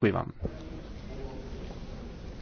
Děkuji vám.